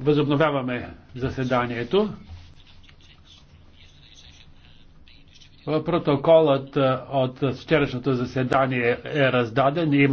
Възобновяваме заседанието. Протоколът от вчерашното заседание е раздаден.